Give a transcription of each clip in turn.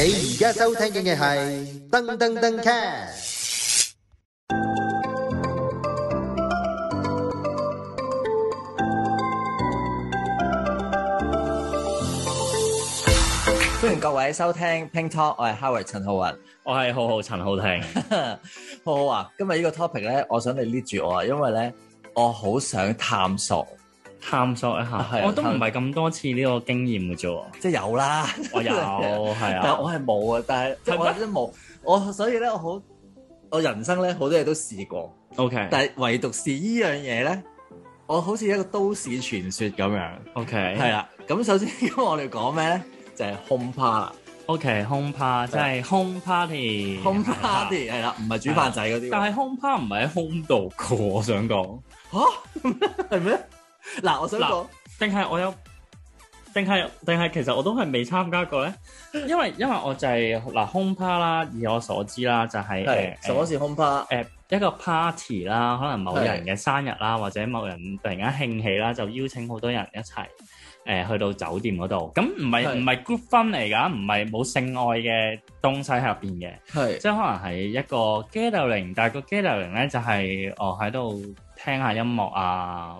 你而家收聽嘅係噔噔噔 cast，歡迎各位收聽 Ping Talk，我係 Howard 陳浩雲，我係浩浩陳浩庭，浩浩 啊，今日呢個 topic 咧，我想你捏住我啊，因為咧我好想探索。探索一下，我都唔係咁多次呢個經驗嘅啫，即係有啦，我有係啊，但係我係冇啊，但係或者冇我，所以咧我好我人生咧好多嘢都試過，OK，但係唯獨是呢樣嘢咧，我好似一個都市傳說咁樣，OK，係啦。咁首先我哋講咩咧？就係 home 派，OK，home 派即係 home party，home party 係啦，唔係煮飯仔嗰啲。但係 home 派唔係喺 home 度噶，我想講吓係咩？嗱，我想講，定係我有，定係定係，其實我都係未參加過咧。因為因為我就係嗱 h o 啦，part, 以我所知啦，就係、是、誒，嗰是、呃、時 h o m 派誒一個 party 啦，可能某人嘅生日啦，是或者某人突然間慶起啦，就邀請好多人一齊誒、呃、去到酒店嗰度。咁唔係唔係 g r o u n 分嚟噶，唔係冇性愛嘅東西喺入邊嘅，係即係可能喺一個 g a t h l i n g 但係個 g a t h e l i n g 咧就係我喺度聽下音樂啊。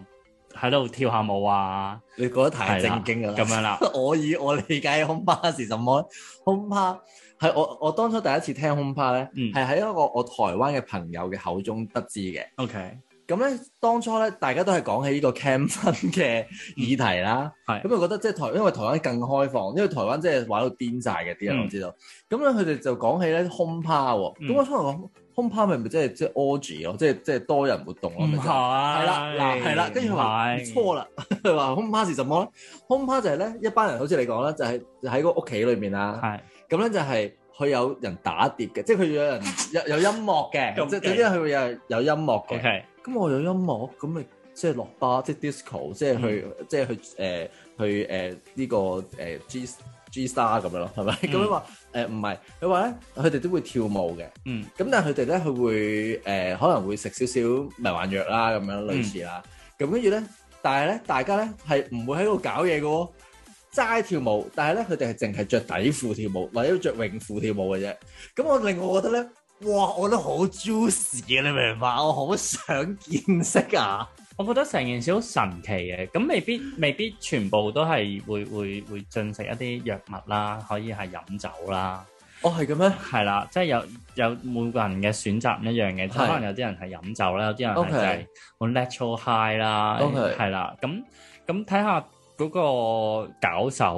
喺度跳下舞啊！你覺得太正經啦，咁樣啦。 我以我理解嘅轟趴係什麼咧？轟趴係我我當初第一次聽轟趴咧，係喺、嗯、一個我，我台灣嘅朋友嘅口中得知嘅。OK，咁咧當初咧大家都係講起呢個 camping 嘅議題啦，咁、嗯嗯、就覺得即係台因為台灣更開放，因為台灣即係玩到癲晒嘅啲人我知道。咁咧佢哋就講起咧轟趴喎，咁、啊嗯、我嚇。Home party 咪、就、即、是、係即係 orgy 咯，即係即係多人活動咯。係，係啦，嗱，係啦，跟住話錯啦，佢話 home party 係什麼咧？Home party 就係咧一班人，好似你講啦，就係、是、喺個屋企裏面啦。係，咁咧就係、是、佢有人打碟嘅，即係佢有人有有音樂嘅，即係點咧？佢、就是、有有音樂嘅。咁、okay. 嗯、我有音樂，咁咪即係落巴，即、就、係、是、disco，即係去，嗯、即係去誒、呃，去誒呢、呃呃這個誒、呃呃這個、G G star 咁樣咯，係咪？咁樣話。誒唔係，佢話咧，佢哋都會跳舞嘅，咁、嗯、但係佢哋咧佢會誒、呃、可能會食少少迷幻藥啦咁樣類似啦，咁跟住咧，但係咧大家咧係唔會喺度搞嘢嘅、哦，齋跳舞，但係咧佢哋係淨係着底褲跳舞或者着泳褲跳舞嘅啫。咁我令我覺得咧，哇，我覺得好 juicy 嘅，你明唔明白？我好想見識啊！我覺得成件事好神奇嘅，咁未必未必全部都係會會會進食一啲藥物啦，可以係飲酒啦。哦，係嘅咩？係啦，即係有有每個人嘅選擇唔一樣嘅，即係可能有啲人係飲酒啦，有啲人係就係好 natural high 啦，係啦，Okay，係啦，咁咁睇下。嗰個搞手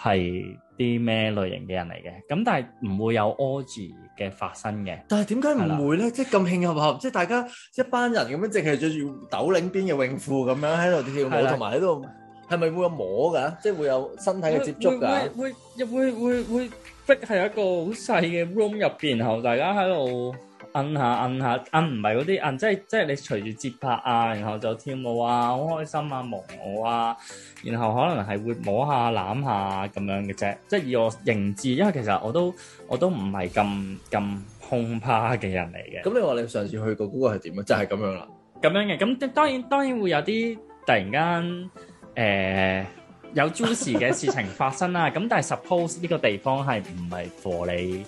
係啲咩類型嘅人嚟嘅？咁但係唔會有 orgy 嘅發生嘅。但係點解唔會咧？即係咁慶合合，即係大家一班人咁樣淨係著住斗領邊嘅泳褲咁樣喺度跳舞，同埋喺度係咪會有摸㗎？即係會有身體嘅接觸㗎？會會會會逼係一個好細嘅 room 入邊，然後大家喺度。摁下摁下摁，唔係嗰啲摁，即係即係你隨住節拍啊，然後就跳舞啊，好開心啊，望我啊，然後可能係會摸下攬下咁樣嘅啫，即係以我認知，因為其實我都我都唔係咁咁轟趴嘅人嚟嘅。咁你話你上次去過嗰個係點啊？就係，是，咁樣啦。咁樣嘅，咁當然當然會有啲突然間誒、呃、有 juicy 嘅事情發生啦。咁 但係 suppose 呢個地方係唔係 for 你？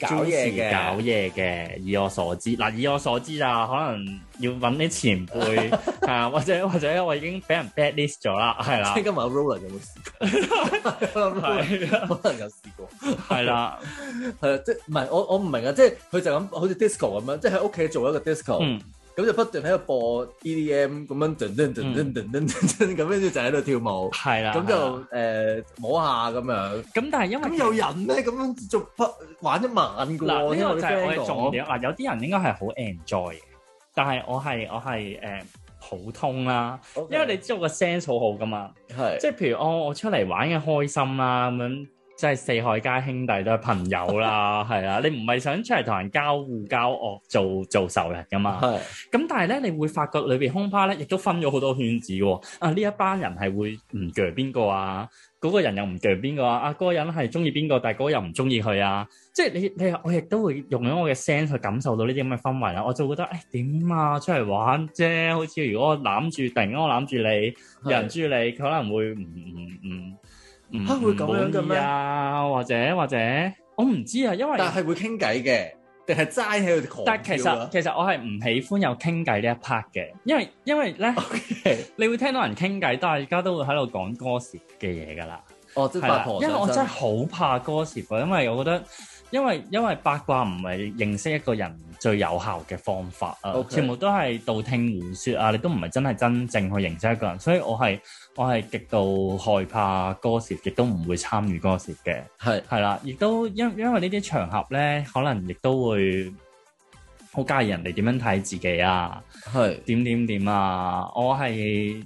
搞嘢嘅，搞嘢嘅。以我所知，嗱，以我所知啊，可能要揾啲前輩 啊，或者或者，我已經俾人 bad list 咗啦，係啦。即係今日 roller 有冇試過？ 啊、 可能有試過。係 啦、啊，係 啊，即係唔係？我我唔明啊，即係佢就咁好似 disco 咁樣，即係喺屋企做一個 disco、嗯。咁就不斷喺度播 EDM 咁樣，噔噔噔噔噔噔，咁樣就喺度跳舞，係啦的。咁就誒的摸下咁樣。咁但係因為咁有人咩咁樣仲玩一晚嘅。嗱，呢、這個就係我嘅重點。嗱，有啲人應該係好 enjoy 嘅，但係我係我係誒、呃、普通啦。Okay. 因為你知道我個 sense 好好噶嘛，係是。即係譬如我、哦、我出嚟玩嘅開心啦、啊、咁樣。即係四海皆兄弟,弟都係朋友啦，係啊， 你唔係想出嚟同人交互交惡做做仇人噶嘛？係。咁但係咧，你會發覺裏邊恐怕咧，亦都分咗好多圈子嘅。啊，呢一班人係會唔鋸邊個啊？嗰、那個人又唔鋸邊個啊？啊，嗰個人係中意邊個，但係嗰個又唔中意佢啊？即係你你我亦都會用咗我嘅聲去感受到呢啲咁嘅氛圍啦。我就覺得誒點、哎、啊，出嚟玩啫，好似如果我攬住定我攬住你有人中意你，佢可能會唔唔唔。嗯嗯嗯嗯嚇，會咁樣嘅咩啊？或者或者我唔知啊，因為但係會傾偈嘅，定係齋喺度狂笑，但其實其實我係唔喜歡有傾偈呢一 part 嘅，因為因為咧，Okay. 你會聽到人傾偈，但係而家都會喺度講歌詞嘅嘢㗎啦。哦，即係因為我真係好怕歌詞，因為我覺得。因為因為八卦唔係認識一個人最有效嘅方法啊，Okay. 全部都係道聽途說啊，你都唔係真係真正去認識一個人，所以我係我係極度害怕 gossip，亦都唔會參與 gossip 嘅。係係啦，亦都因是因為呢啲場合咧，可能亦都會好介意人哋點樣睇自己啊，係點點點啊，我係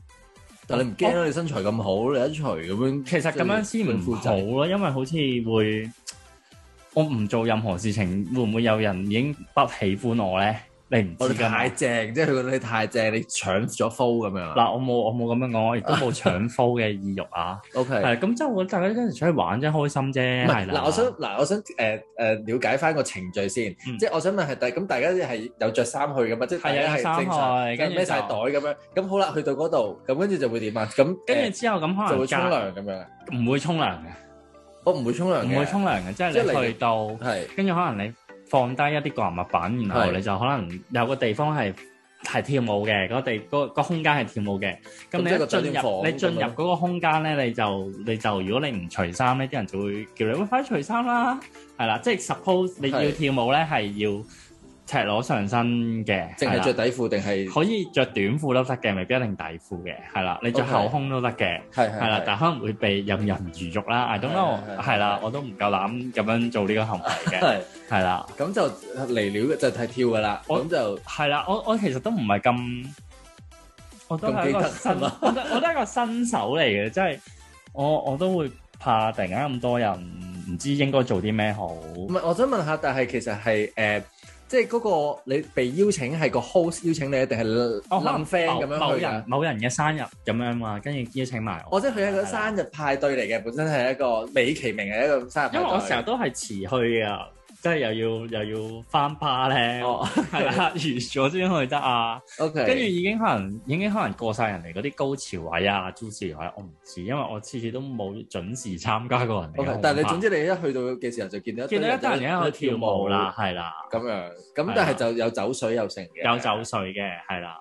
但你唔驚啦，我你身材咁好，你一除咁樣，其實咁樣私密好咯，負負因為好似會。我唔做任何事情，會唔會有人已經不喜歡我咧？你唔知，哦、你太正，即係佢覺得你太正，你搶咗夫咁樣。嗱，我冇我冇咁樣講，我亦都冇搶夫嘅意欲啊。 OK，係咁即係我覺得大家嗰陣時出去玩，即係開心啫。係是的啦。嗱，我想嗱，我想誒誒、呃呃、了解翻個程序先，嗯、即係我想問係大咁大家係有着衫去噶嘛？即係大家係正常，跟住孭曬袋咁樣。咁好啦，去到嗰度，咁跟住就會點啊？咁跟住之後咁可能就會沖涼咁樣，唔會沖涼嘅。我唔會沖涼，唔會沖涼嘅，即係你去到，跟住可能你放低一啲個人物品，然後你就可能有個地方係係跳舞嘅，個地個個空間係跳舞嘅。咁你一進入你進入嗰個空間咧，你就你就如果你唔除衫咧，啲人就會叫你喂，快除衫啦，係啦，即係 suppose 你要跳舞咧係要。赤裸上身嘅，淨係著底褲定係可以著短褲都得嘅，未必一定底褲嘅，係啦。你著後胸都得嘅，係係啦，但可能會被任人魚肉啦。啊，咁樣我係啦，我都唔夠膽咁樣做呢個行為嘅，係啦。咁就嚟料就太跳噶啦。咁就係啦。我我其實都唔係咁，我都係一個新，我都我都係一個新手嚟嘅，即係我我都會怕突然間咁多人，唔知應該做啲咩好。唔係，我想問下，但係其實係誒。即係嗰個你被邀請係個 host 邀請你，一定係男 friend 咁樣，某人某人嘅生日咁樣嘛，跟住邀請埋我。哦、即係佢係個生日派對嚟嘅，對本身係一個美其名係一個生日派對。因為我成日都係遲去啊。即係又要又要翻趴咧，係啦，oh, okay，熱咗先可以得啊。OK，跟住已經可能已經可能過晒人哋嗰啲高潮位啊，高潮位、啊，我唔知，因為我次次都冇準時參加過人哋。Okay, 但係你總之你一去到嘅時候就見到，見到一大羣人喺度跳舞啦，係啦，咁樣咁，樣樣但係就有酒水有成嘅，有酒水嘅，係啦。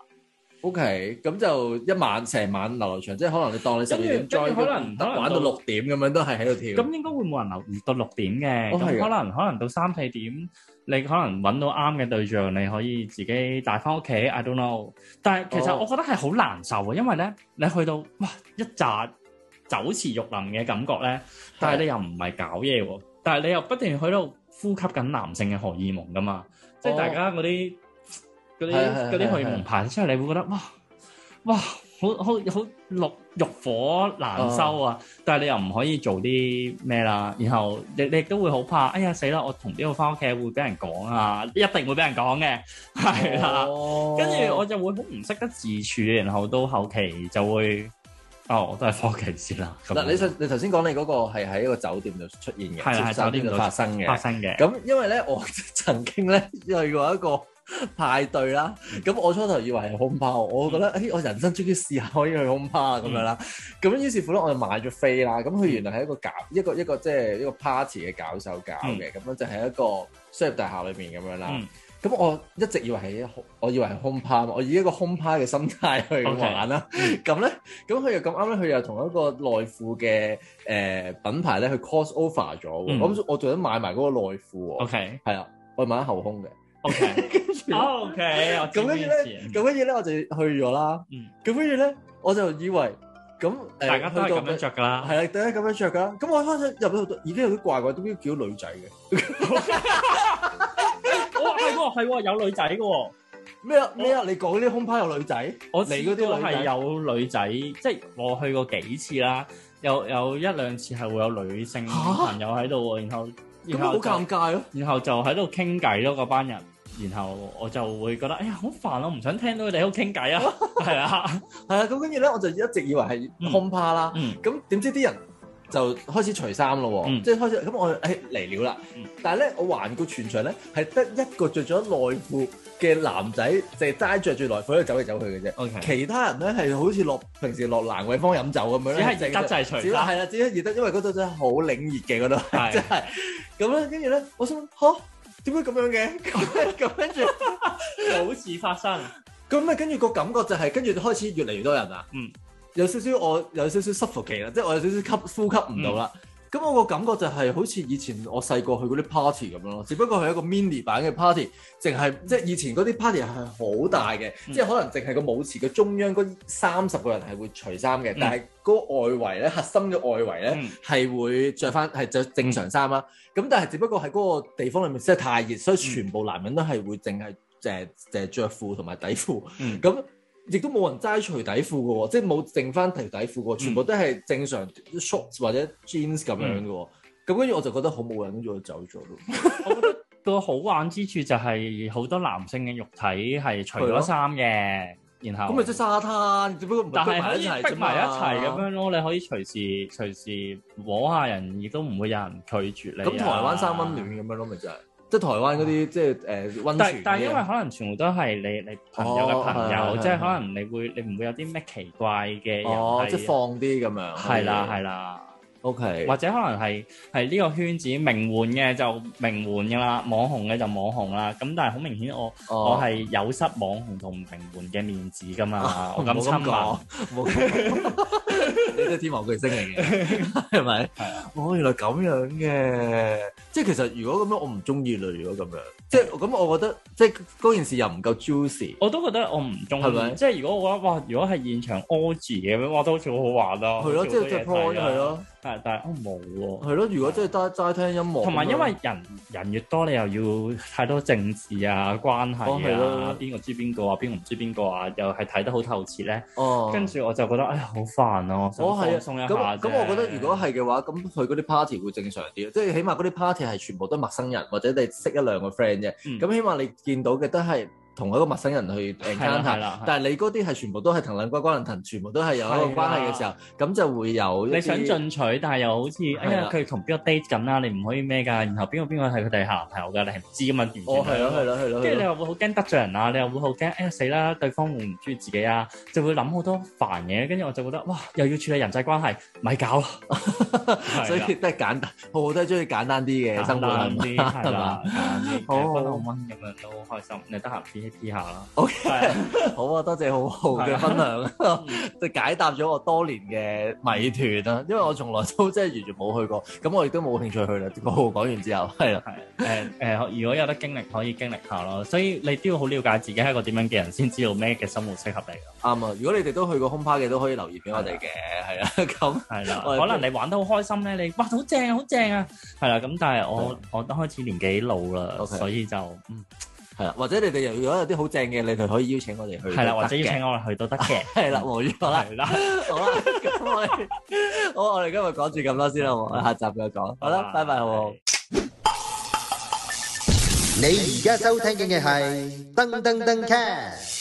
O.K. 咁就一晚成晚流流長，即係可能你當你十二點再可能玩到六點咁樣，都係喺度跳。咁應該會冇人留到六點嘅，咁可能可能到三四點，你可能揾到啱嘅對象，你可以自己帶翻屋企。I don't know。但係其實我覺得係好難受嘅，因為咧你去到哇一陣酒池肉林嘅感覺咧，但係你又唔係搞嘢喎，但係你又不斷去到呼吸緊男性嘅荷爾蒙㗎嘛，即係大家嗰啲。嗰啲嗰啲去門牌之後你會覺得哇哇，好好好慾慾火難收啊！但係你又唔可以做啲咩啦，然後你你都會好怕。哎呀死啦！我同邊個翻屋企會俾人講啊，一定會俾人講嘅，係啦。跟住我就會好唔識得自處，然後到後期就會哦，我都係科技先啦。嗱，你你頭先講你嗰個係喺一個酒店度出現嘅，係啊，酒店度發生嘅，發生嘅。咁因為咧，我曾經咧去過一個。派對啦，咁我初頭以為係轟趴，我覺得，哎，我人生終於試下可以去轟趴咁樣啦，咁於是乎咧，我就買咗飛啦，咁佢原來係一個搞一個一個即係一個 party 嘅搞手搞嘅，咁樣就係一個商業大廈裏面咁樣啦，咁我一直以為係，我以為係轟趴，我以一個轟趴嘅心態去玩啦，咁咧，咁佢又咁啱咧，佢又同一個內褲嘅誒品牌咧去 cross over 咗，咁我仲要買埋嗰個內褲，OK，係啊，我買咗後空嘅，OK。O K，咁跟住咧，咁跟住咧，我就去咗啦。咁跟住咧，我就以為咁，大家都係咁樣着噶啦，係啊，都係咁樣着噶。咁我翻入入到度，已經有啲怪怪，點解叫女仔嘅？我話係，我話係，有女仔嘅咩啊？咩啊？你講啲空派有女仔？我你嗰啲係有女仔，即係我去過幾次啦，有有一兩次係會有女性朋友喺度，然後咁好尷尬咯，然後就喺度傾偈咯，嗰班人。然後我就會覺得哎呀好煩咯，唔想聽到佢哋喺度傾偈啊，係啊，係啊， 咁跟住咧，我就一直以為係轟趴啦，咁、嗯、點知啲人就開始除衫咯，嗯、即係開始咁我誒嚟了啦，但係咧，我環顧全場咧係得一個着咗內褲嘅男仔，就係齋着住內褲喺度走嚟走去嘅啫，Okay. 其他人咧係好似落平時落蘭桂坊飲酒咁樣，只係熱得就係除，係啦，只係熱得，因為嗰度 真係好冷熱嘅嗰度，即係咁咧，跟住咧，我想吓。點解咁樣嘅？咁跟住冇事發生，咁咪跟住個感覺就係跟住開始越嚟越多人喇！嗯，有少少，有少少我有少少舒服期啦，即係我有少少吸呼吸唔到啦。嗯咁我個感覺就係好似以前我細個去嗰啲 party 咁樣咯，只不過係一個 mini 版嘅 party，淨係即係以前嗰啲 party 係好大嘅，嗯、即係可能淨係個舞池嘅中央嗰三十個人係會除衫嘅，但係嗰外圍咧，核心嘅外圍咧係、嗯、會着翻係着正常衫啦。咁、嗯、但係只不過係嗰個地方裏面真係太熱，所以全部男人都係會淨係淨係淨係着褲同埋底褲咁。嗯嗯亦都冇人齋除底褲嘅喎，即係冇剩翻條底褲嘅喎，全部都係正常 shorts 或者 jeans 咁樣嘅喎，咁跟住我就覺得好冇癮咗走咗咯。我覺得 個好玩之處就係好多男性嘅肉體係除咗衫嘅，啊、然後咁咪即係沙灘、啊，只不過、啊、但係可以揼埋一齊咁樣咯，你可以隨時隨時摸下人，亦都唔會有人拒絕你、啊。咁台灣三温暖咁樣咯，咪就係。即係台灣嗰啲即係誒，温泉，但係因為可能全部都係你、你朋友嘅朋友，哦、即係可能你會、你唔會有啲咩奇怪嘅、哦，即係放啲咁樣。係啦係啦，OK。或者可能係、係呢個圈子名媛嘅就名媛嘅啦，網紅嘅就網紅啦。咁但係好明顯我，哦、我、我係有失網紅同名媛嘅面子噶嘛，啊、我咁親民。 你都係天王巨星嚟嘅，係咪？係啊，哦，原來咁樣嘅，即係其實如果咁樣我唔中意啦。如果咁樣，即係咁，我覺得即係嗰件事又唔夠 juicy。我都覺得我唔中意，係咪？即係如果我覺得哇，如果係現場屙住嘅咁，我都好似好好玩啦。係咯，即係隻 point 係咯，係但係我冇喎。係咯，如果真係齋齋聽音樂，同埋因為人人越多，你又要太多政治啊關係啊，邊個知邊個啊，邊個唔知邊個啊，又係睇得好透徹咧。哦，跟住我就覺得哎呀好煩。我係送咁，咁我，我覺得如果係嘅話，咁佢嗰啲 party 會正常啲，即係起碼嗰啲 party 係全部都陌生人，或者你識一兩個 friend 啫。咁、嗯、起碼你見到嘅都係。同一個陌生人去傾偈吓，但係你嗰啲係全部都係騰兩瓜瓜輪騰，全部都係有一個關係嘅時候，咁就會有你想進取，但係又好似哎呀佢同邊個 date 緊啦，你唔可以咩㗎？然後邊個邊個係佢哋下男朋友㗎，你係唔知噉樣？哦，係啦係啦係啦，跟住你又會好驚得罪人啊，你又會好驚哎呀死啦對方會唔中意自己啊，就會諗好多煩嘢。跟住我就覺得哇又要處理人際關係，咪搞咯，所以都係簡單，我我都係中意簡單啲嘅生活，簡單啲係啦，好温暖咁樣都開心，你得閒邊？下啦，OK，啊好啊，多謝浩浩嘅分享，就、啊、 解答咗我多年嘅謎團啦。因為我從來都即係完全冇去過，咁我亦都冇興趣去啦。浩浩講完之後，係啦、啊，係誒誒，如果有得經歷，可以經歷下咯。所以你都要好了解自己係一個點樣嘅人，先知道咩嘅生活適合你。啱啊，如果你哋都去過 home party 嘅，都、啊、可以留言俾我哋嘅，係啊，咁係啦。可能你玩得好開心咧，你哇好正，好正啊，係啦、啊。咁但係我、啊、我開始年紀老啦，Okay. 所以就嗯。係啦，或者你哋如果有啲好正嘅，你哋可以邀請我哋去。係啦，或者邀請我哋去都得嘅。係啦，好啦，好啦，我我哋今日講住咁多先啦，我下集再講。好啦，拜拜，好唔好？你而家收聽緊嘅係《噔噔噔 cash》。